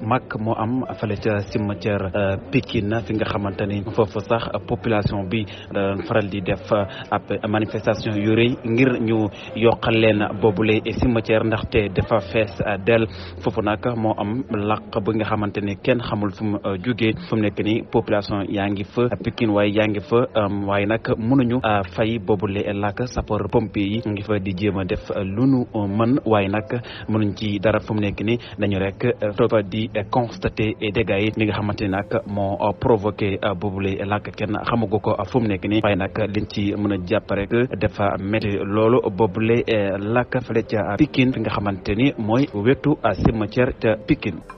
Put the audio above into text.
bu mag moo am fële ca cimetière euh, Pikine fi nga xamante ni foofu sax population bi euh, faral di def euh, ab manifestation yu rëy ngir ñu yokkal leen boobule cimetière ndaxte dafa fees del foofu nag moo am laq bi nga xamante ni kenn xamul fu mu jugee fu nekk ni population yaa ngi fa Pikine waaye yaa ngi fa waaye nag mënuñu fay boobule lakk sapeur pompier yi ngi fa di jéem a def lu nu mën waaye nag mënuñ ci dara fu nekk ni dañu rek topp di di e dégâts yi li nga xamante ni nag moo euh, provoqué euh, boobule làkk kenn xamagu ko fu mu nekk nii waaye nag liñ ci mën a jàpp dafa métti loolu boobule euh, lakk fale ca Pikine fi nga xamante ni mooy wetu cimetière ca Pikine